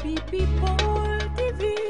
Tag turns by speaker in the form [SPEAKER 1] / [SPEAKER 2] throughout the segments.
[SPEAKER 1] Happy People TV.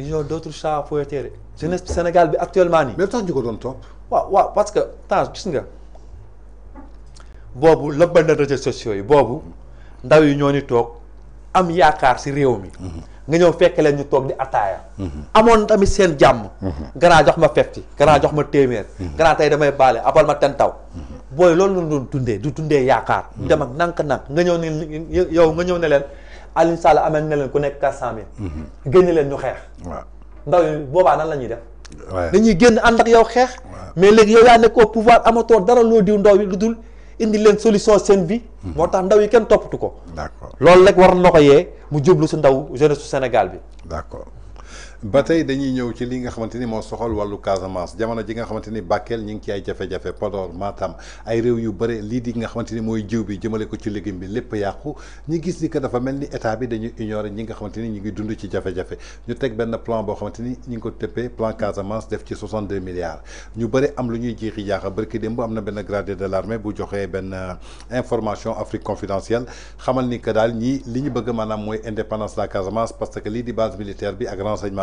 [SPEAKER 2] ils ont d'autres chats à fouetter jeunesse bi Sénégal bi actuellement nii. mais tax ñu ko doon topp. waaw waaw parce que temps gis nga boobu la benn réseaux sociaux yi boobu ndaw yi ñoo ni toog am yaakaar si réew mi. Mm-hmm. nga ñëw fekk leen ñu toog di ataaya. Mm-hmm. amoon tamit seen jàmm. Mm-hmm. ganaa jox ma fefti gannaaw jox ma téeméer. gannaaw tey damay baale abal ma ten taw. booy loolu la doon dundee du dundee yaakaar. dem ak nank-nank nga ñëw ne yow nga ñëw ne leen. Alioune Sall amel na leen ku nekk quatre cent mhm. génne leen ñu xeex. waaw ndaw yi boobaa nan la ñuy def. dañuy génn ànd ak yow xeex. mais léegi yow yaa nekk au pouvoir amatoo dara loo diw ndaw yi lu dul indi leen solution seen bi. Mhm. moo tax ndaw yi kenn toppatu ko. d'accord loolu rek war noxo yee mu jublu si ndaw
[SPEAKER 1] jeunesse su Sénégal bi. d'accord. ba tey dañuy ñëw ci li nga xamante ni moo soxal wàllu Casamance jamono ji nga xamante ni Bakel ñu ngi ci ay jafe-jafe Podor Matam ay réew yu bëre lii di nga xamante ni mooy jiw bi jëmale ko ci légume bi lépp yàqu ñu gis ni que dafa mel ni état bi dañuy ignorer ñi nga xamante ni ñu ngi dund ci jafe-jafe ñu teg benn plan boo xamante ni ñu ngi ko tëppee plan Casamance def ci 62 milliards ñu bëri am lu ñuy jiixi jaaxa barki démb bu am na benn gradé de l'armée bu joxee benn euh, information Afrique confidentielle xamal ni daal ñii li ñu bëgg maanaam mooy indépendance la Casamance parce lii di base militaire bi ak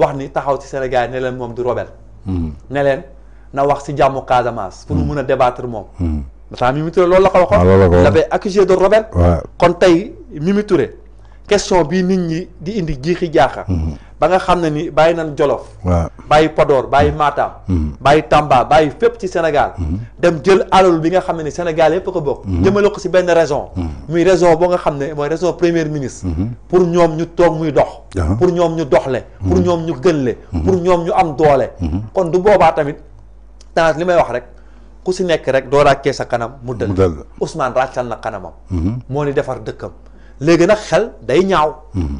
[SPEAKER 2] wax ni taxaw ci Sénégal ne moom du rebelle hmm. ne na wax si jàmmu Casamance. pour mu hmm. mun a débattre moom. dafa hmm. am Mimi Touré loolu la ko waxoon. waaw ah, loolu la ko waxoon dafay kon tey Mimi question bi nit ñi di indi jiixi jaaxa. Mhm. ba nga xam ne ni bàyyi nañ Jolof. bàyyi Podor bàyyi mhm. Matam. Mhm. bàyyi Tamba bàyyi fépp ci Sénégal. dem jël alal bi nga xam ne ni Sénégal yëpp ko bokk. jëmale ko si benn raison. muy raison boo nga xam ne mooy raison première ministre. pour ñoom ñu toog muy dox. pour ñoom ñu doxle. pour ñoom ñu gënle. pour ñoom ñu am doole. kon du boobaa tamit dans li may wax rek. ku si nekk rek doo ràccee sa kanam mu dëll Ousmane ràccal na kanamam moo ni defar dëkkam léegi nag xel day ñaaw. Mhm.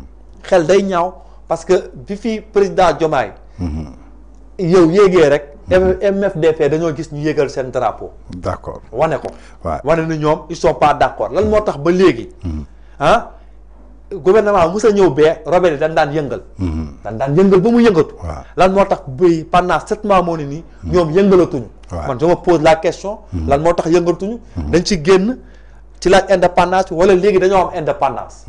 [SPEAKER 2] xel day ñaaw parce que bi fi président Diomaye. Mhm. yow yéegee rek. MFDP mhm. dañoo gis ñu yéegal seen drapeau. d' wane ko. waaw wane ni ñoom ils sont pas d' accord lan moo tax ba léegi. ah gouvernement musa ñëw bee robet yi dañ daan yëngal. dañ daan yëngal ba mu yëngatu. lan moo tax bay pendant sept mois moo ne nii. ñoom yëngalatuñu. man je me pose la question. lan moo tax yëngatuñu. dañ ci génn. ci laaj indépendance wala léegi dañu am indépendance.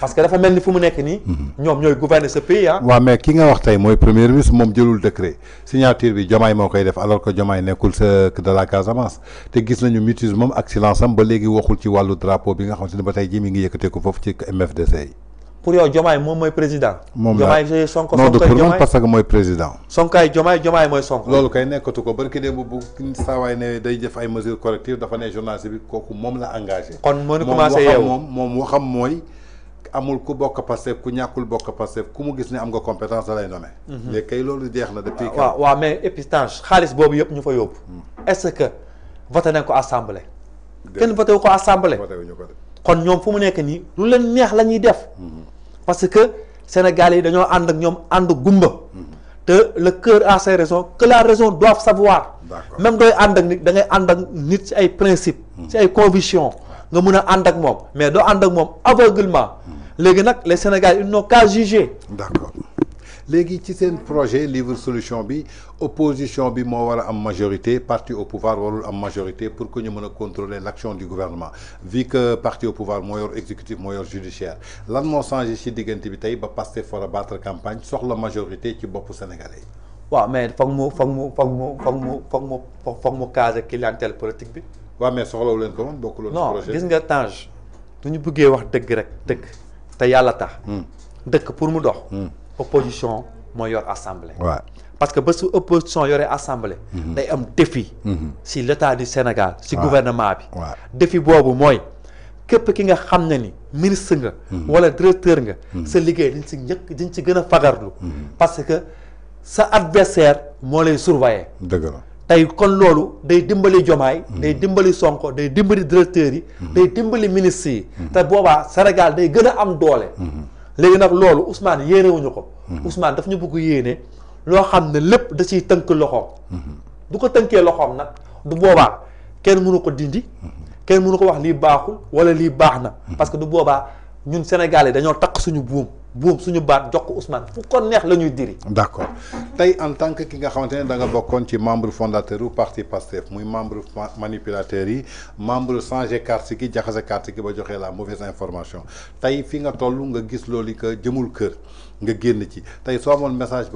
[SPEAKER 2] parce que dafa melni ni fu mu nekk nii. Mhm. ñoom ñooy gouverner ce pays
[SPEAKER 1] ah. waaw mais ki nga wax tay moy premier ministre mom jëlul décret signature bi jomay mo koy def alors que Diomaye nekkul sa de la Casamance te gis nañu mutisme mom ak silence am ba léegi waxul ci walu drapeau bi nga xam ne ba tay ji mi ngi yëkkatee ko fofu ci MFDC pour yow Diomaye moom mooy président. moom la Diomaye Sonko non du pour man parce que mooy président. Sonko ay Diomaye Diomaye mooy Sonko. loolu kay nekkatu ko barki démb bu saawaay ne day def ay mesures correctives dafa ne journaliste bi kooku moom la engagé. kon mënu commencé yeewu moom moom waxam mooy. amul ku bokk Pastef ku ñàkkul bokk Pastef ku mu gis ne am nga compétence mhm. e mm. da lay nommé. léegi kay loolu jeex na depuis. waaw waaw mais épitange xaalis boobu yëpp ñu fa yóbbu. est-ce que voté nañ ko
[SPEAKER 2] assemblée. kenn voté wu ko assemblée. kon ñoom fu mu nekk nii lu leen neex la ñuy def. Mhm. parce que sénégal yi dañoo ànd ak ñoom ànd gumba te le cœur a ses raisons que la raison doit savoir même dooy ànd ak nit da ànd ak nit ci ay principe hmm. ci ay conviction nga mun a ànd ak moom mais doo ànd ak moom aveuglement hmm. léegi
[SPEAKER 1] nag les sénégal ils n'ont qu'à juger léegi ci sen projet livre solution bi opposition bi mo wara am majorité parti au pouvoir warul am majorité pour que ñu mën contrôler l'action du gouvernement vu que parti au pouvoir moo yor exécutif moo yor judiciaire lan mo changé ci diggante bi tay ba passer war battre campagne soxla majorité ci bop sénégalais yi. waaw mais foog mo foog mo foog mo foog mo foog mo foog mu case clientèle politique bi. wa mais soxlawu leen ko bokku bokkul projet non gis nga Tange duñu bëggé wax dëgg rek dëgg
[SPEAKER 2] te yàlla tax. Hmm. dëkk pour mu dox. Hmm opposition
[SPEAKER 1] moo assemblée.
[SPEAKER 2] parce que ba su opposition aurait assemblée. Mhm. day am défi. Mhm. si l'état du Sénégal. si gouvernement bi. défi boobu moi. képp ki nga xam ne ni ministre nga. Mhm. wala directeur nga. sa liggéey dañ si njëkk dañ si gën fagarlu. parce que sa adversaire moi lay surveiller. D'accord. Tay kon lolu day dimbali jomaay. day dimbali sonko day dimbali directeurs yi. day dimbali ministres yi. te boobaa Sénégal day gëna am doole. léegi nag loolu Ousmane yéenewuñu ko Ousmane daf ñu bugg yéene loo xam ne lépp da ciy tënk loxoom du ko tënkee loxoom nag du boobaa kenn mënu ko dindi kenn mënu ko wax lii baaxul wala lii baax na parce que du boobaa ñun Sénégalais
[SPEAKER 1] dañoo takk suñu buum Pour suñu baat jox Ousmane D'accord. en tant que membre fondateur du parti PASTEF membre manipulateur membre la mauvaise information tay fi nga tollu nga gis que jëmul kër nga génn ci message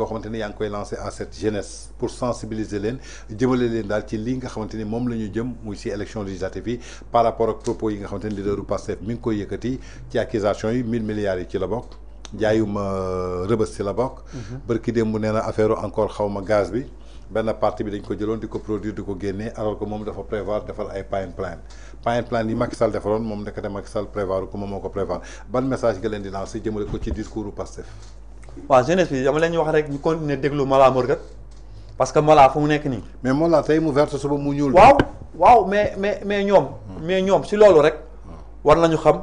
[SPEAKER 1] lancé à cette jeunesse pour sensibiliser leen ci nga élection législative par rapport ak propos yi nga leaderu PASTEF mi ngi koy accusation milliards la jaayuma euh, rëbës ci la bokk. Mhm. barki démb nee na affaire encore xaw ma gaz bi benn partie bi dañ ko jëloon di ko produire di ko génnee alors que moom dafa prévoir defal ay pipeline pipeline yi Macky Sall defaroon moom nekk na Macky Sall prévoir ko moom moo ko prévoir ban message nga leen di lancer jëmale ko ci discours Pastef. waaw jeunesse bi dama leen wax rek ñu continuer déglu Mollah
[SPEAKER 2] Morgun parce que Mollah fu mu nekk nii. mais Mollah tey mu verte suba mu ñuul. waaw waaw mais mais mais ñoom. Hmm. mais ñoom si loolu rek hmm. war nañu xam.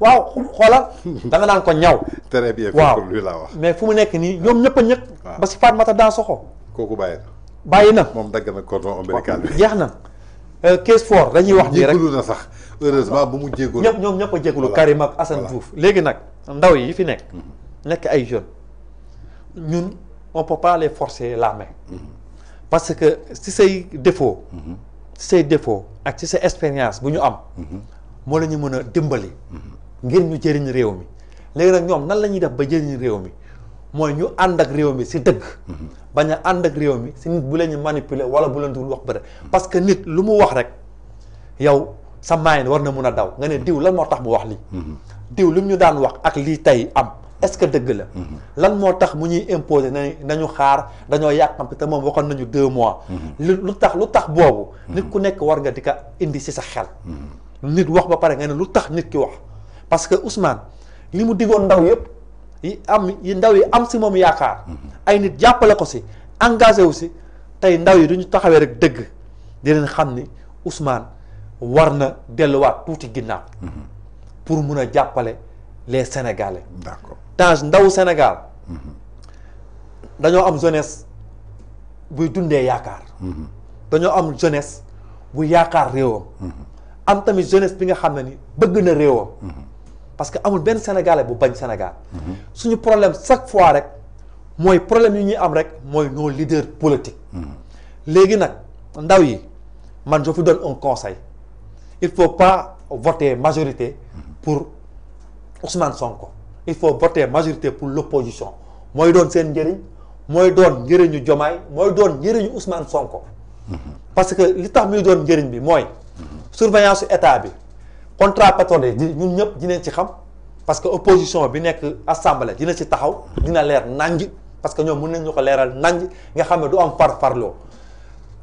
[SPEAKER 2] waaw xoolal da nga naan ko ñaw.
[SPEAKER 1] très bien waaw laa wax.
[SPEAKER 2] mais fu mu nekk nii ñoom ñëpp a ñëkk. ba si Fat Mata daa soxo
[SPEAKER 1] kooku bàyyi na. bàyyi
[SPEAKER 2] na moom dagg na
[SPEAKER 1] cordon ombilical bi jeex na. Kees euh, Fort dañuy wax nii
[SPEAKER 2] rek sax heureusement bu mu jégalu. ñëpp ñoom ñëpp a jégalu Karim ak Assane Diouf léegi nag ndaw yi fi nekk. Mhm. nekk ay jeunes ñun on peut pas les forcer la mhm. parce que si say défaut. Mhm. si say défaut ak ci sa expérience bu ñu am. moo la ñu mën a dimbali. ngir ñu jëriñ réew mi léegi nag ñoom nan la ñuy def ba jëriñ réew mi mooy ñu ànd ak réew mi si dëgg mhm. bañ a ànd ak réew mi si nit bu leen ñu manipuler wala bu leen dul wax bëri parce que nit lu mu wax rek yow sa maayin war na mun daw nga ne diw lan moo tax mu wax lii mhm. diw lu ñu daan wax ak lii tey am est-ce que dëgg la mhm. lan moo tax mu ñuy imposer na nañu xaar dañoo yàqamte te moom waxoon nañu deux mois lu tax lu tax boobu nit ku nekk war nga di indi si sa xel nit wax ba pare nga ne lu tax nit ki wax parce que Ousmane li mu digoon ndaw yëpp yi am yi ndaw yi am si moom yaakaar mhm. ay nit jàppale ko si engagé wu si tey ndaw yi duñu taxawee rek dëgg di leen xam ni Ousmane war na delluwaat tuuti ginnaaw mhm. pour mun a jàppale les Sénégalais d'accord Tange ndawu Sénégal mhm. dañoo am jeunesse buy dundee yaakaar dañoo am jeunesse bu yaakaar réewam am tamit jeunesse bi nga xam ne ni bëgg na réewam parce que amul Sénégal sénégalais bu bañ Sénégal. suñu problème chaque fois rek moy problème yu ñi am rek mooy nos leaders politiques. légui ndaw yi je vous donne un conseil il faut pas voter majorité pour Ousmane Sonko il faut voter majorité pour l'opposition moy doon Sénégal, je moy doon njëriñu Jomaay moy doon njëriñu Ousmane Sonko. parce que létat tax muy doon njëriñ bi moy surveillance état bi contrat pétrolier ñun ñëpp dinañ ci xam parce que opposition bi nek assemblée dina ci taxaw dina leer nangi parce que ñoom mën nañ ñu ko nangi nga xamé du am par parlo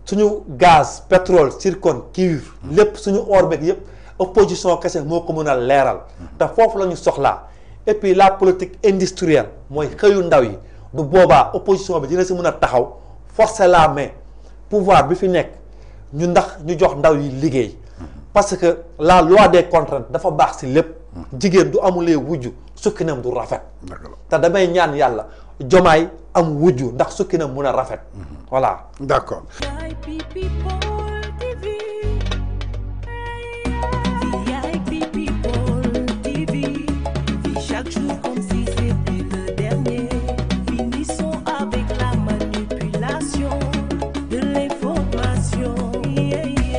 [SPEAKER 2] suñu gaz pétrole zircon cuivre lépp suñu or beeg yëpp opposition kese moko mëna mën a fofu lañu soxla et puis la politique industrielle moy xëyu ndaw yi du boba opposition bi dina ci mëna taxaw forcer la main pouvoir bi fi nek ñu ndax ñu jox ndaw yi liggéey parce que la loi des contraintes dafa baax si lépp jigéen du amulee wujju sukkinam du rafet te damay ñaan yàlla jomaay am wujju ndax sukkinam mun a rafet mhm.
[SPEAKER 1] voilà d'accord